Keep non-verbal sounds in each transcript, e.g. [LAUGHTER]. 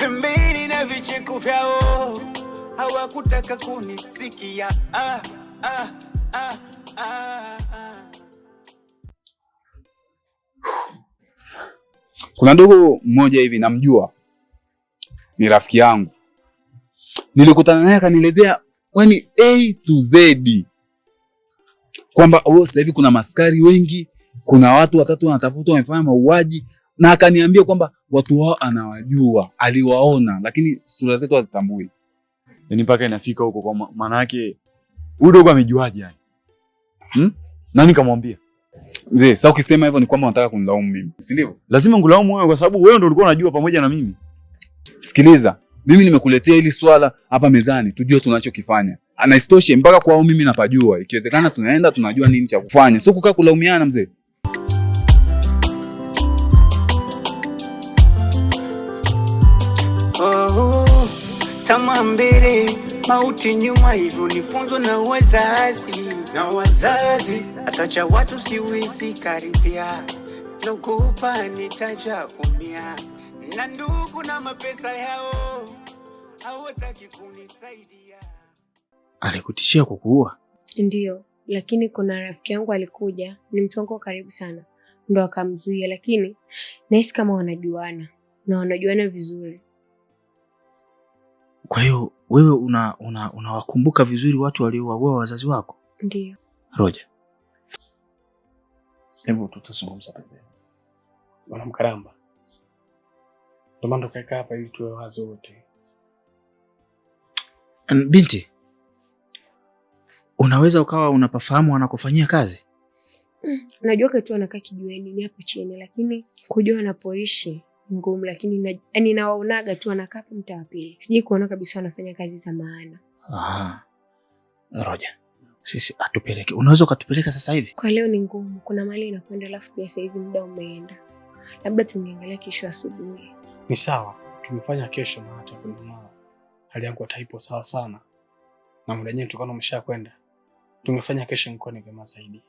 pembeni na vicheko vyao hawakutaka kunisikia. Ah, ah, ah, ah, ah. Kuna dogo mmoja hivi namjua, ni rafiki yangu, nilikutana naye akanielezea, yani A to Z kwamba oh, sasa hivi kuna maskari wengi, kuna watu watatu wanatafutwa wamefanya mauaji na akaniambia kwamba watu wao anawajua, aliwaona, lakini sura zetu hazitambui. Yani mpaka inafika huko, kwa maana yake huyu dogo amejuaje yani? Hmm? Nani kamwambia? Mzee, sasa ukisema hivyo ni kwamba unataka kunilaumu mimi, si ndio? Lazima ngulaumu wewe kwa sababu wewe ndio ulikuwa unajua pamoja na mimi. Sikiliza, mimi nimekuletea hili swala hapa mezani, tujue tunachokifanya. Na isitoshe mpaka kwao mimi napajua, ikiwezekana tunaenda tunajua nini cha kufanya, sio kukaa kulaumiana mzee. kama mbele, mauti nyuma, hivyo nifunzwe na wazazi na wazazi. Atacha watu siwezi karibia, naogopa nitacha umia, na ndugu na mapesa yao hawataki kunisaidia. Alikutishia kwa kuua? Ndiyo, lakini kuna rafiki yangu alikuja, ni mtu wangu karibu sana, ndo akamzuia, lakini nahisi kama wanajuana na wanajuana vizuri kwa hiyo wewe unawakumbuka una, una vizuri watu waliowaua wazazi wako? Ndio. Roja, hebu tutazungumza pembeni. Bwana Mkaramba, ndio maana tukakaa hapa ili tuwe wazi wote. Binti, unaweza ukawa unapafahamu wanakofanyia kazi? Mm, najua katu wanakaa kijiweni ni hapo chini, lakini kujua wanapoishi ngumu, lakini ninawaonaga tu wanakaa mtaa wa pili, sijui kuona kabisa wanafanya kazi za maana. Aha. Roja, sisi atupeleke, unaweza ukatupeleka sasa hivi? Kwa leo ni ngumu, kuna mali inakwenda, alafu pia sahizi muda umeenda, labda tungeangalia kesho asubuhi. Ni sawa, tumefanya kesho, maana takunamao hali yangu ataipo sawa sana na muda wenyewe tukaona umesha kwenda, tungefanya kesho nikuwa ni vyema zaidi.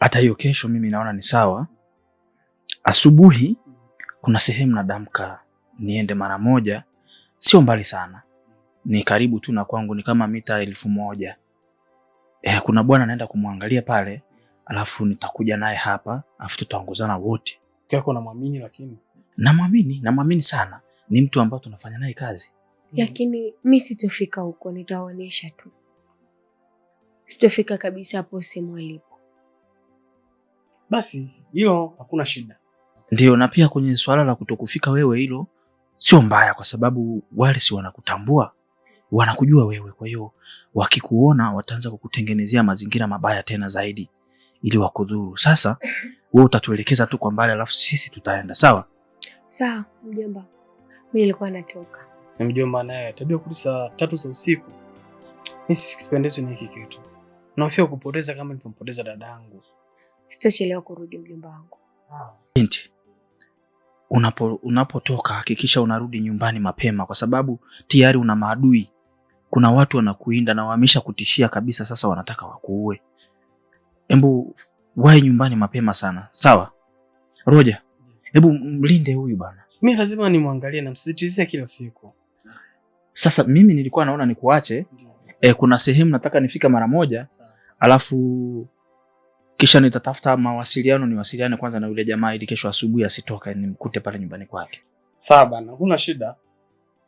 Hata hiyo kesho mimi naona ni sawa, asubuhi kuna sehemu nadamka niende mara moja, sio mbali sana, ni karibu tu na kwangu, ni kama mita elfu moja. Eh, kuna bwana naenda kumwangalia pale, alafu nitakuja naye hapa, alafu tutaongozana wote. Kako namwamini, lakini namwamini, namwamini sana, ni mtu ambaye tunafanya naye kazi lakini mi sitofika huko, nitaonyesha tu, sitofika kabisa hapo sehemu alipo. Basi hilo hakuna shida, ndio, na pia kwenye swala la kutokufika wewe, hilo sio mbaya, kwa sababu wale si wanakutambua, wanakujua wewe. Kwa hiyo wakikuona wataanza kukutengenezea mazingira mabaya tena zaidi, ili wakudhuru. Sasa wewe utatuelekeza tu kwa mbali, alafu sisi tutaenda. Sawa sawa. Mjomba, mimi nilikuwa natoka na mjomba naye tabia kuli saa tatu za usiku. Mimi sipendezwi na hiki kitu, nahofia kupoteza kama nilipompoteza dadangu. Sitachelewa kurudi mjomba wangu. Binti, unapo, unapotoka hakikisha unarudi nyumbani mapema, kwa sababu tayari una maadui. Kuna watu wanakuinda na wamesha kutishia kabisa, sasa wanataka wakuue. Hebu wae nyumbani mapema sana, sawa? Roja, hebu mlinde huyu bana mimi lazima nimwangalie, namsisitizia kila siku. Sasa mimi nilikuwa naona nikuache, e, kuna sehemu nataka nifika mara moja, alafu kisha nitatafuta mawasiliano, niwasiliane kwanza na yule jamaa ili kesho asubuhi asitoke nimkute pale nyumbani kwake. Sawa bana, huna shida.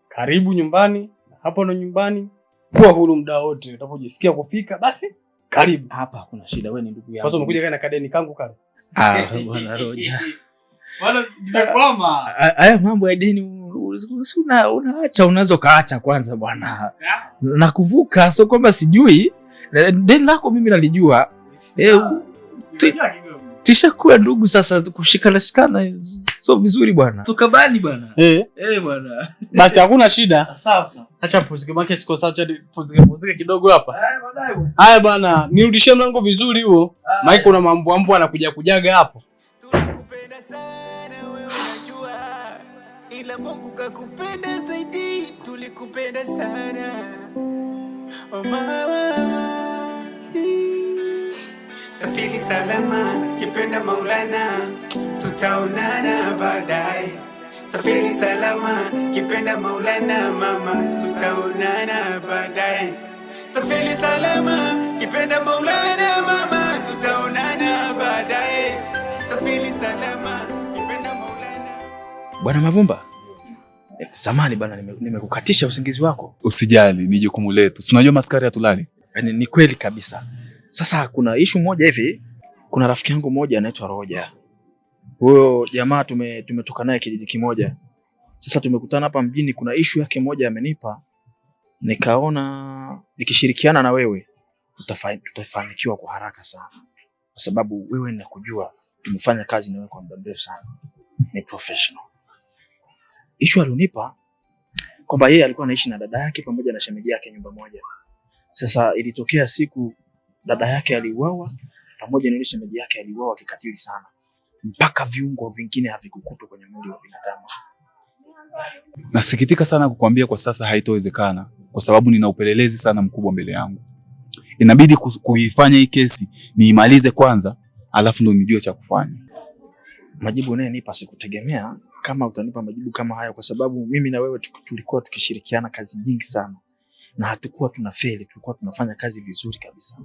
Karibu nyumbani, hapo ndo nyumbani. Kuwa huru muda wote, utapojisikia kufika basi karibu hapa, hakuna shida. Wewe ni ndugu yangu, kwanza umekuja kana kadeni kangu kale. Ah bwana Roja, [LAUGHS] bwana nimekwama. Ah, haya mambo ya deni una unaacha, unaweza ukaacha kwanza bwana, nakuvuka. sio kwamba sijui eh, deni lako mimi nalijua. Tishakuwa ndugu sasa, kushikanashikana shikana vizuri bwana. Tukabani bwana. Eh. Eh bwana. Basi hakuna shida. [LAUGHS] Sawa sawa. Acha pumzike siko sawa, kidogo hapa. Eh, Haya bwana, nirudishie mlango vizuri huo. Ah. maki kuna mambo mambo anakuja kujaga hapo. Tulikupenda sana unajua. Ila Mungu kakupenda zaidi. Tulikupenda sana. Oh my Safiri salama kipenda Maulana, tutaonana baadaye. Safiri salama kipenda Maulana, mama tutaonana baadaye. Safiri salama kipenda Maulana, mama tutaonana baadaye. Safiri salama kipenda Maulana. Bwana Mavumba, samani bwana, nimekukatisha nime usingizi wako. Usijali, ni jukumu letu, si unajua maskari hatulali. Yaani ni kweli kabisa sasa kuna ishu moja hivi, kuna rafiki yangu moja anaitwa Roja. Huyo jamaa tume, tumetoka naye kijiji kimoja. Sasa tumekutana hapa mjini, kuna ishu yake moja amenipa, nikaona nikishirikiana na wewe tutafanikiwa kwa haraka sana, kwa sababu wewe nakujua, tumefanya kazi na wewe kwa muda mrefu sana, ni professional. Ishu alionipa kwamba yeye alikuwa anaishi na dada yake pamoja na shemeji yake nyumba moja. Sasa ilitokea siku dada yake aliuawa pamoja na yule shemeji yake aliuawa kikatili sana, mpaka viungo vingine havikukutwa kwenye mwili wa binadamu. Nasikitika sana kukuambia kwa sasa haitowezekana, kwa sababu nina upelelezi sana mkubwa mbele yangu. Inabidi kuifanya hii kesi niimalize kwanza, alafu ndo nijue cha kufanya. Majibu unayonipa sikutegemea kama utanipa majibu kama hayo, kwa sababu mimi na wewe tulikuwa tukishirikiana kazi nyingi sana na hatukuwa tunafeli, tulikuwa tunafanya kazi vizuri kabisa.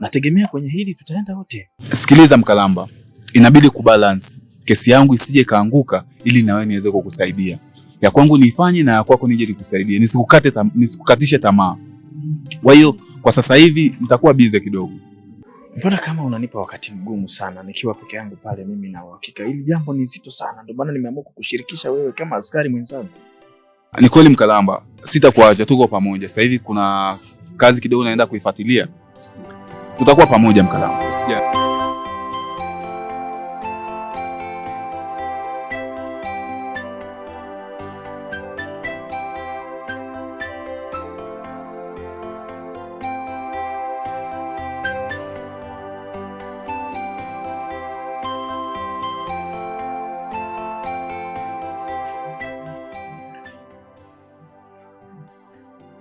Nategemea kwenye hili tutaenda wote. Sikiliza Mkalamba, inabidi kubalance kesi yangu isije kaanguka, ili na wewe niweze kukusaidia. Ya kwangu nifanye na ya kwako nije nikusaidie, nisikukate tam, nisikukatishe tamaa. Kwa hiyo kwa sasa hivi nitakuwa bize kidogo. Mbona kama unanipa wakati mgumu sana nikiwa peke yangu pale? Mimi na uhakika hili jambo ni zito sana, ndio maana nimeamua kukushirikisha wewe kama askari mwenzangu. Ni kweli Mkalamba, sitakuacha, tuko pamoja. Sasa hivi kuna kazi kidogo naenda kuifuatilia tutakuwa pamoja mkalamu.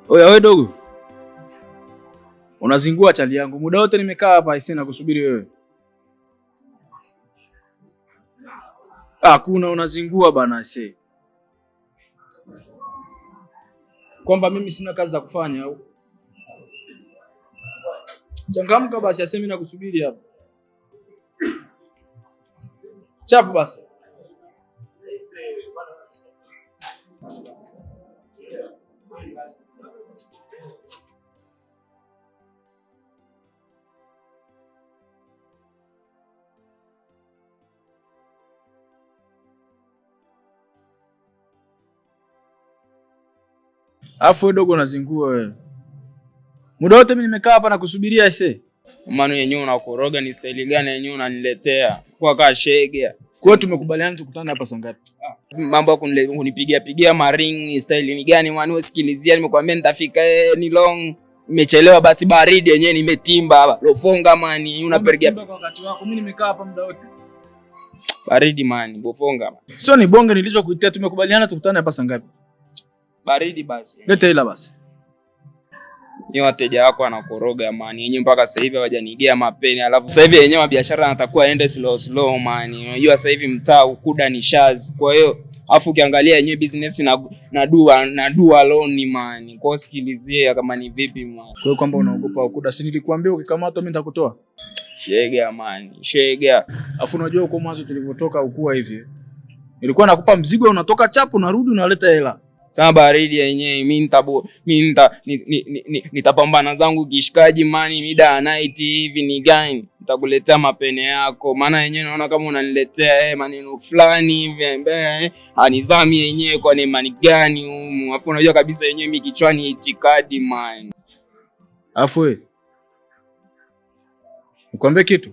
Oya, we dogo Unazingua chali yangu muda wote, nimekaa hapa aisee na kusubiri wewe. Hakuna, unazingua bana ise. kwamba mimi sina kazi za kufanya au? Changamka basi aisee, na nakusubiri hapa. Chapu basi. Alafu wewe dogo unazingua wewe. Muda wote mimi nimekaa hapa nakusubiria ise. Manu yenyewe unakoroga ni staili gani yenyewe unaniletea? Kwa kaa shege. Kwa tumekubaliana tukutane hapa saa ngapi? Ah, mambo ya kunipigia pigia maringi staili ni gani mwana wewe sikilizia nimekwambia nitafika eh, ni long. Nimechelewa basi baridi yenyewe nimetimba hapa. Lofonga mani unapergia. Kwa wakati wako mimi nimekaa hapa muda wote. Baridi mani, bofonga. Sio ni bonge nilichokuitia tumekubaliana tukutane hapa saa ngapi? baridi basi. Leta ila basi. Ni wateja wako anakoroga mani, yenyewe mpaka sasa hivi hawajanigea mapeni, alafu sasa hivi yenyewe biashara natakuwa ende slow slow mani. Unajua sasa hivi mtaa ukuda ni shazi, kwa hiyo afu ukiangalia yenyewe business na na dua na dua loni mani, kwa sikilizie kama ni vipi mani. Kwa hiyo kwamba unaogopa ukuda, si nilikwambia ukikamatwa mimi nitakutoa shega mani, shega. Afu unajua uko mwanzo tulivyotoka ukua hivi, nilikuwa nakupa mzigo, unatoka chapu, unarudi unaleta hela sana baridi yenyewe, mi mi nitapambana zangu kishikaji mani, mida ya night hivi ni gani, nitakuletea mapene yako, maana yenyewe naona kama unaniletea eh, maneno fulani hivi ambaye eh, anizami yenyewe kwa ni mani gani humu, afu unajua kabisa yenyewe mi kichwani itikadi mani, afu nikwambie kitu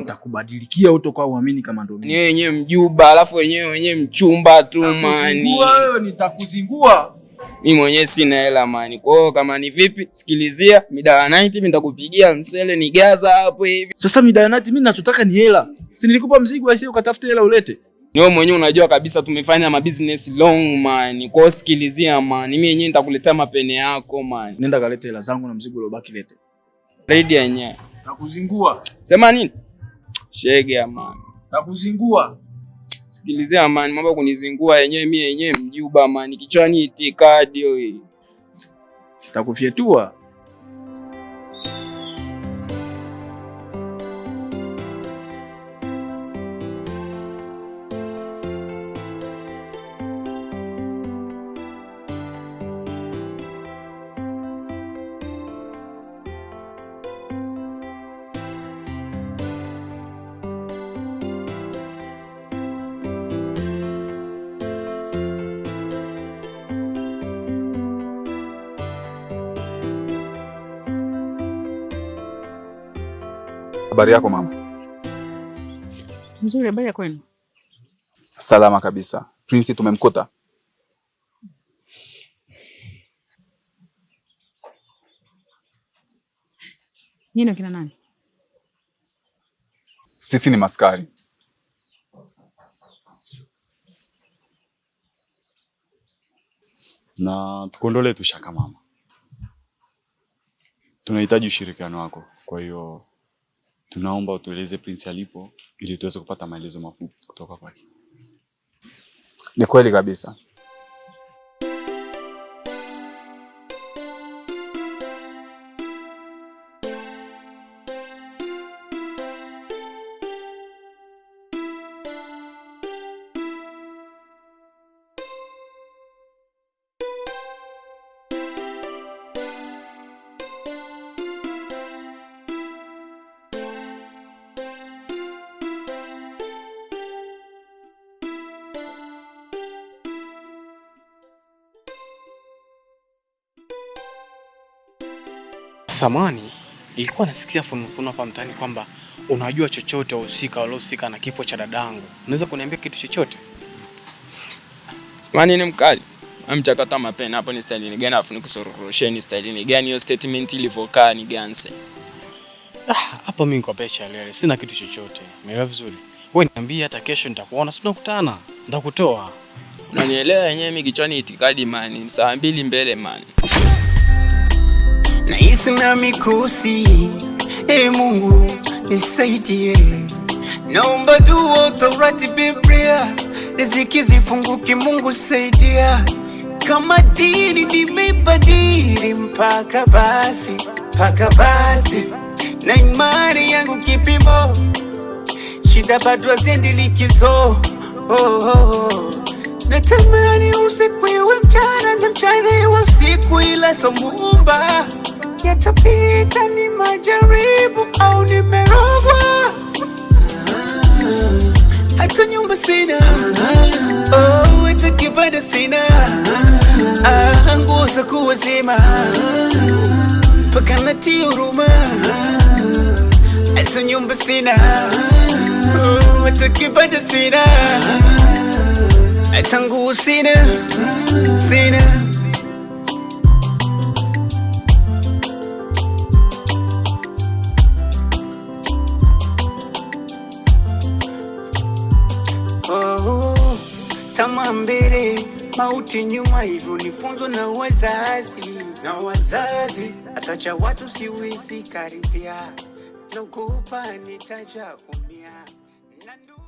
Utakubadilikia kwa uamini kama ndo mimi. Ni wenyewe mjuba, alafu wenyewe wenyewe mchumba tu mani. Wewe nitakuzingua. Mimi mwenyewe sina hela mani. Kwa hiyo kama ni vipi, sikilizia midala night mimi nitakupigia msele ni gaza hapo hivi. Sasa mida midala night mimi ninachotaka ni hela. Si nilikupa mzigo asi ukatafute hela ulete. Ni wewe mwenyewe unajua kabisa tumefanya ma business long man. Kwa hiyo sikilizia man. Mimi mwenyewe nitakuletea mapene yako mani Nenda kalete hela zangu na mzigo uliobaki lete. Ready yenyewe. Nakuzingua. Sema nini? Shege amani. Nakuzingua. Sikilizea amani, mambo kunizingua yenyewe mimi yenyewe mjuba amani. Kichwani itikadi hiyo Takufyetua. Habari yako mama? Nzuri, habari ya kwenu? Salama kabisa. Prince tumemkuta. Nino kina nani? Sisi ni maskari. Na tukuondolee tu shaka mama, tunahitaji ushirikiano wako, kwa hiyo Tunaomba utueleze Prince alipo ili tuweze kupata maelezo mafupi kutoka kwake. Ni kweli kabisa. Samani ilikuwa nasikia funufunu hapa mtaani kwamba unajua chochote wahusika waliohusika na kifo cha dadangu. Unaweza kuniambia kitu chochote? Mani ni mkali. Amchakata mapena hapo ni style ni gani afu nikusorosheni ni style ni gani hiyo statement ilivyokaa ni ganse. Ah, hapa mimi niko pecha lele. Sina kitu chochote. Umeelewa vizuri? Wewe niambie hata kesho nitakuona, si tunakutana. Nitakutoa. Unanielewa yenyewe mimi kichwani itikadi mani. Saa mbili mbele mani na na mikosi. E Mungu nisaidie, naomba dua, authority Biblia, riziki zifunguke. Mungu saidia, kama dini nimebadili, mpaka basi mpaka basi, na imani yangu kipimo, shida bado zendi likizo. Oh, oh, oh. Natamani usiku iwe mchana na mchana iwe usiku, ila somumba yatapita, ni majaribu au nimerogwa, hata nyumba sina, oh, hata kibanda sina, ah, nguo za kuwazima mpaka natia huruma, hata nyumba sina, oh, hata kibanda sina, hata nguo sina, sina kama mbele, mauti nyuma, hivyo funzo na wazazi na wazazi, atacha watu siwezi karibia, naogopa nitaja umia na